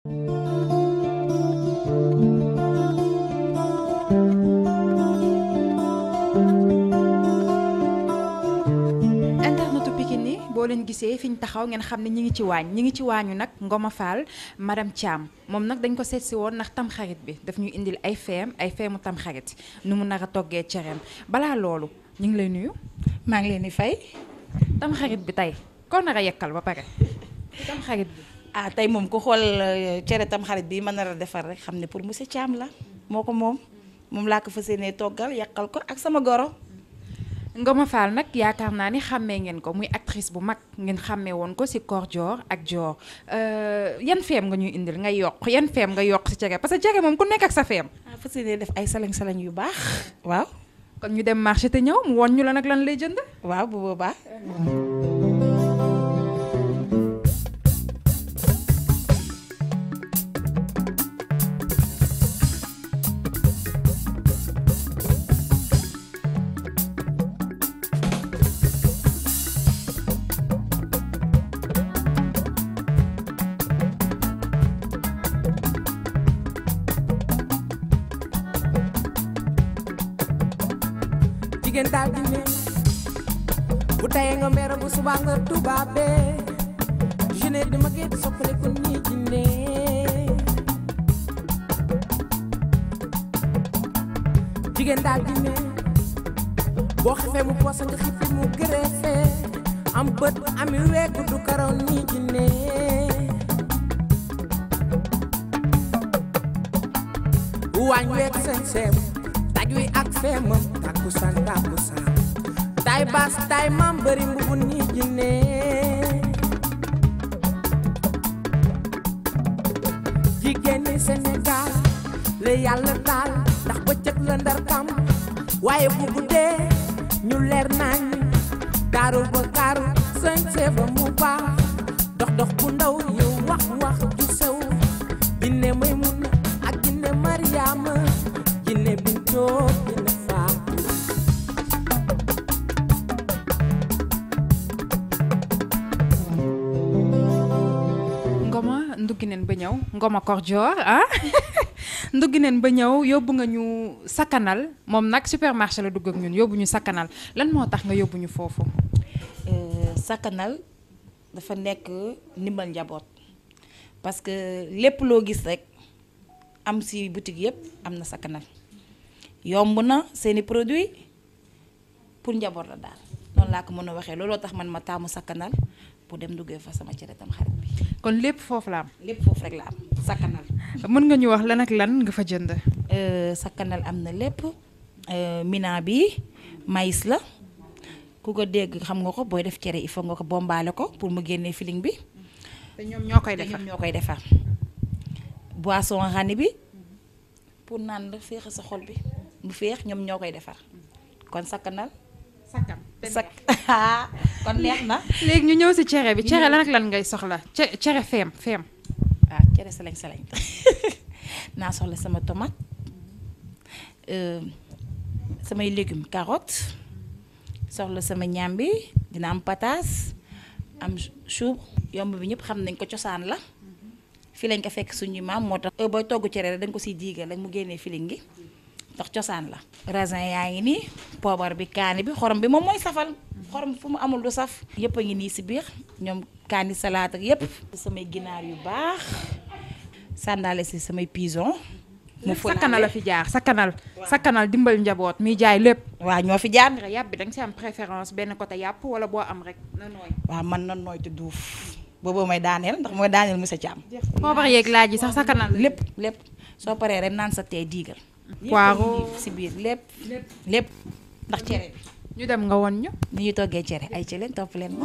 boo leen gisee fi ñu taxaw ngeen xam ne ñi ngi ci waañ ñi ngi ci waañu nag Ngoma Fall madame Thiam moom nag dañ ko seet woon ndax tamxarit bi daf ñuy indil ay feem ay feemu tamxarit nu mu nar a toggee cereem balaa loolu ñu ngi lay nuyu. maa ngi leen di fay. tamxarit bi tey koo nar yekkal ba pare tamxarit bi. ah tay mom ku xol euh, cere tam xarit bi man na defar rek xam ne pour monsieur cham la moko mom mom la ko fas yéenee toggal ko ak sama goro. Ngoma fal nak aktris ni xamé ngén ko muy actrice bu mag ngén xamé won ko si cor Dior ak Dior euh, yan fem nga ñuy indil nga yok yan fem nga yok ci cere parce que cere mom ku nekk ak sa ah, def ay salang salang yu bax waaw. kon ñu dem marché té ñew mu woon ñu la nak lan lay jënd. waaw bu boobaa. jigéen daal di ne bu tayee nga mer bu subaa nga tubaabe jeune di magee di soppale ko nii jigéen daal di boo xefee mu poosa nga xifi mu gërëfe am bët ami weeku du karaw nii di ne waañ week seen seem xeet wi ak feemam takkusaan takkusaan tay baas tay maam bëri mbubu nii jinne jigéen ñi la yàlla taal ndax bëccëg la ndar waaye bu guddee ñu leer nañ daaru ba kaaru sañse ba mu baax dox dox bu ndaw yow wax wax ju sew jinne may mun ndugginen ba banyau, ngoma kordior ah ndugginen ba ñaw yobbu nga ñu sakanal mom nak supermarché la dugg ak ñun yobbu ñu sakanal lan motax nga yobbu ñu fofu euh sakanal dafa nek nimbal njabot parce que lepp lo gis rek am ci boutique yep amna sakanal yomb seni seeni produit pour njaboot la daal noonu laa ko mën a waxee tax man ma dem duggee fa sama tam xarit bi. kon lépp foofu la am. lépp foofu rek la am sakkanal. mën nga ñu wax lan ak lan nga fa jënd. Euh, sakkanal am na lépp euh, mina bi maïs la ku ko dégg xam nga ko booy def cere il faut nga ko ko pour mu feeling bi. te ñoom ñoo koy defar ñoo koy boisson xani bi pour naan la sa xol bi. bu feex ñoom ñoo koy defar kon sakkanal. sakkam sakk kon neex na. léegi ñu ñëw si cere bi cere la ak lan ngay soxla ce cere feem feem. waaw ah, cere salañ salañ naa soxla sama tomate euh, samay légumes carotte soxla sama ñàmbi dina am pataas am chou yomb bi ñëpp xam nañ ko cosaan la mm-hmm. fi lañ ko fekk suñu maam moo tax. booy togg cere rek dañ ko siy diigal dañ mu génnee filin gi. ndax cosaan la raisin yaa ngi nii poobar bi kaani bi xorom bi moom mooy safal xorom fu mu amul du saf yëpp a ngi nii si biir ñoom kaani salaat ak yëpp samay ginaar yu baax sàndaale si samay pigeon mu sakkanal la fi jaar sakkanal sakkanal dimbal njaboot muy jaay lépp waaw ñoo fi jaar rek yàpp bi da nga si am préférence benn côté yàpp wala boo am rek na nooy waaw man na nooy te duuf boobu mooy daaneel ndax mooy daaneel monsieur Thiam poobar yeeg laaj yi sax sakkanal lépp lépp soo paree rek naan sa tee diigal poireau si biir lépp lépp ndax cere bi ñu dem nga won ñu ni ñu toggee cere ay ci leen topp leen ma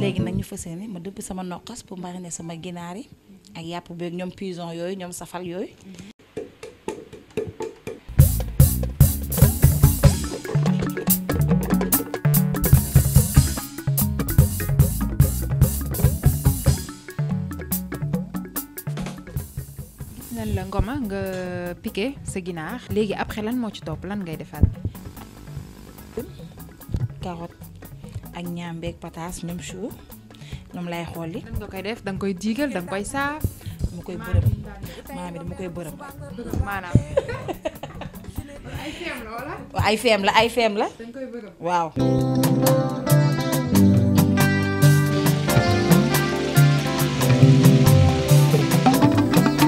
léegi nag ñu fas yéene ma dëpp sama noqos pour ne sama ginaar yi ak yàpp beeg ñoom pigeon yooyu ñoom safal yooyu ngoma nga piqué sa ginaar léegi après lan moo ci topp lan ngay defaat. carotte ak ñaambeeg pataas même chou ñoom lay xolli. lan nga koy def danga koy jiigal da koy saaf. dama koy bërëm maam yi dama koy bërëm. maanaam. ay feem la wala. ay feem la koy waaw.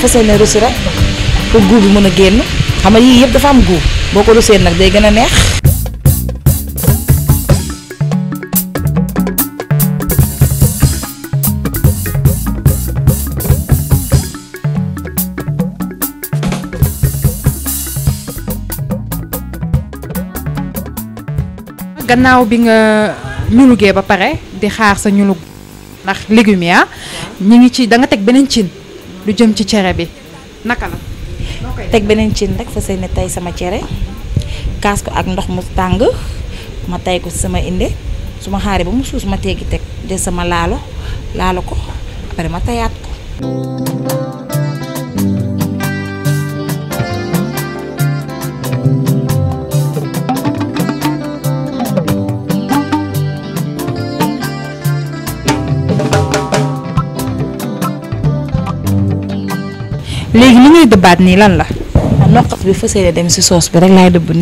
fas yéene rek ko goût bi mën a génn xam nga dafa am goob boko ko nak day gëna neex gannaaw bi nga ñulugee ba paré di xaar sa ñulug ndax légumes ah, ñi ngi ci da nga tek benen cin lu jëm ci cere bi naka la. teg beneen cin rek fa seen tey sama cere kaas ko ak ndox mu tàng ma tey ko sama inde su ma xaaree ba mu suus ma teggi teg jël sama laalo laalo ko après ma tayaat ko. légui ni ngay dëbbaat nii lan la. noqaf bi fas dem ci soos bi rek lay laay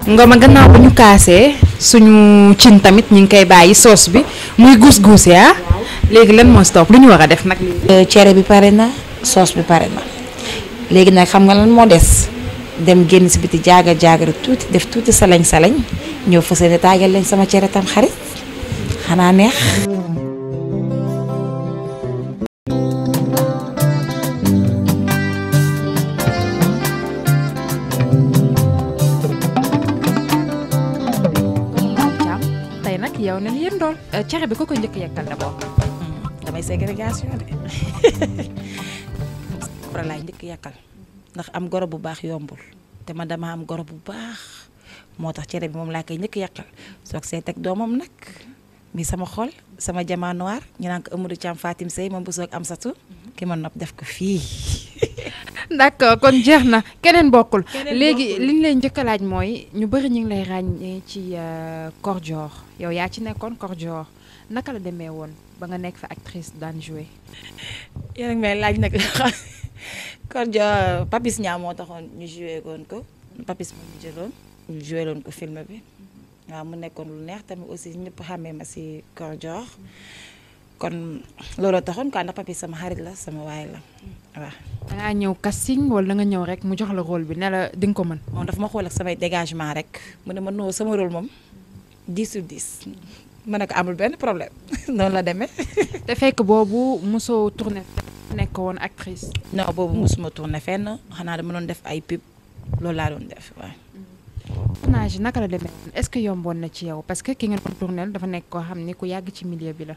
ni nga ma gannaaw bu ñu kaasé suñu cin tamit ñu ngi koy bàyyi soos bi muy guus guus ah. ya léegi lan moo si lu ñu wax a def nag. Euh, cere bi pare na soos bi pare na léegi nag xam nga lan moo des dem génn si biti jaaga rek tuuti def tuuti salañ salañ ñëw fas yéene taagal lañ sama cere tam xarit xanaa neex. cere bi ko ko njëkk yekkal d'abord damay ségrégation de fara laay njëkk yekkal ndax am goro bu baax yombul te ma dama am goro bu baax moo tax cere bi moom laa koy njëkk yekkal soog see teg doomam nag mi sama xol sama jamaa noir ñu naan ko Amadou Thiam Fatim Sey moom bu am satu ki ma nopp def ko fii d'accord kon jeex na keneen bokkul léegi li ñu lay njëkk a laaj mooy ñu bari ñu ngi lay ràññee ci Kor euh, Dior yow yaa ci nekkoon Kor Dior naka la demee woon ba nga nekk fa actrice daan joué. yéen a ngi may laaj nag euh, taxoon ñu joué woon ko Papis moo jëloon ñu joué ko film bi waaw mu nekkoon lu neex tamit aussi ñépp xàmmee ma si Kor kon looloo taxoon quoi ndax Papis sama xarit la sama waay la. waaw. da ngaa ñëw casting wala da nga ñëw rek mu jox la rôle bi ne la di nga ko mën. moom dafa ma xool ak samay dégagement rek mu ne ma non sama rôle moom 10 sur 10 ma ne ko amul benn problème noonu la demee. te fekk boobu mosoo tourné nekk woon actrice. non boobu mosuma tourné fenn xanaa dama doon def ay pub loolu laa doon def waaw. tournage naka la demee est-ce que yomboon na ci yow parce que ki ngeen ko dafa nekk koo xam ni ku yàgg ci milieu bi la.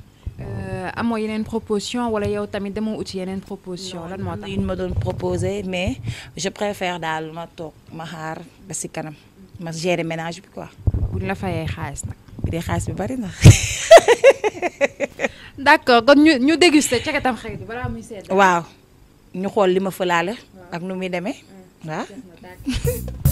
amoo yeneen proposition wala yow tamit demo uti yeneen proposition lan moo tax yu ma doon proposé mais je préfère dal ma tok ma har ba si kanam ma gérer ménage bi quoi. buñ la fayee xaalis nak bi dee xaalis bi bari nak d'accord kon ñu ñu déguster ci katam xëy na balaa muy sedd. waaw ñu xol li ma fëlaale. ak nu mi démé mm. waaw.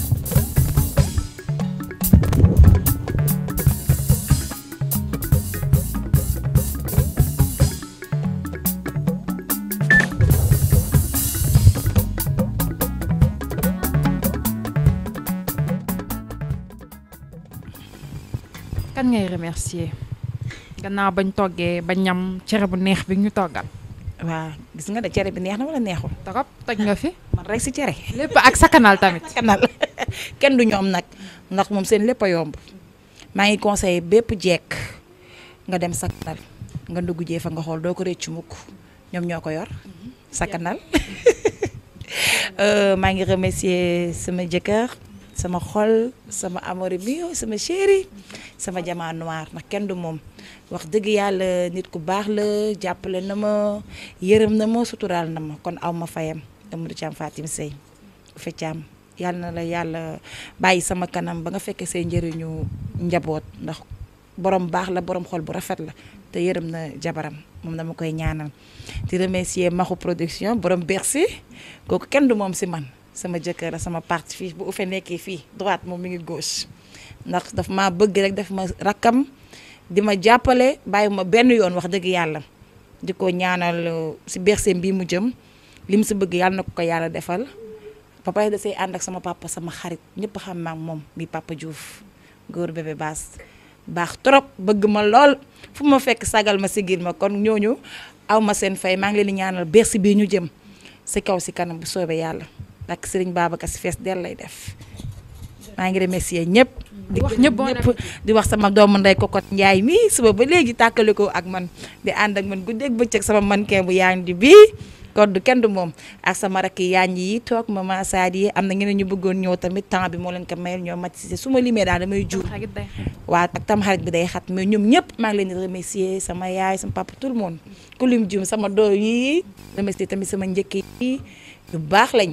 kan ngay remercier gannaaw bañ toggee ba ñam cere bu neex bi ñu toggal. waaw gis nga de cere bi neex na wala neexul. trop toj nga fi. man rek si cere. lépp ak sakanal tamit. sakanal kenn du ñoom nag ndax moom seen lépp a yomb maa ngi conseillé bépp jekk nga dem sakanal nga dugg jee fa nga xool doo ko rëccu mukk ñoom ñoo ko yor sakanal euh, maa ngi remercier sama jëkkër. sama xol sama amore mio sama chéri sama jamaa noir ndax kenn du moom wax dëgg yàlla nit ku baax la jàppale na ma yërëm na ma suturaal na ma kon aw ma fayam Amadou Thiam Fatim Seye feccaam yàlla na la yàlla bàyyi sama kanam ba nga fekkee say njëriñu njaboot ndax borom baax la borom xol bu rafet la te yërëm na jabaram moom dama koy ñaanal di remercier Maxu production borom Bercy kooku kenn du moom si man sama jëkkër sama parti fi bu ufe nekké fi droite mo mi ngi gauche ndax daf ma bëgg rek daf ma rakam di ma jàppale bàyyi benn yoon wax dëgg yalla di ñaanal uh, si berseem bii mu jëm lim mu bëgg yalla nako ko yalla défal papa da sey ànd sama papa sama xarit ñepp xam naa mom mi papa Diouf goor bébé bass bax trop bëgg ma lool fu ma fekk sagal ma sigil ma kon ñooñu aw ma seen fay ma ngi leen ñaanal bersi bi ñu jëm ci kaw ci kanam bu soobé yalla ndax sëriñ Babacar si fees del lay def maa ngi remercier ñëpp. di wax ñëpp ñëpp di wax sama doom doomu ndey kokot Njaay mi suba ba léegi tàkkale ko ak man di ànd ak man guddeeg bëccëg sama mannequin bu yaa ngi di bii. kon du kenn du moom ak sama rakk yaañ yi toog mama Saadi yi am na ñeneen ñu bëggoon ñëw tamit temps bi moo leen ko mayal ñoo mat si su ma limee daal damay juur waaw tam xarit bi day xat mais ñoom ñëpp maa ngi leen di sama yaay sama papa le monde ku lim juum sama doom yi remercier sama njëkk bu baax lañ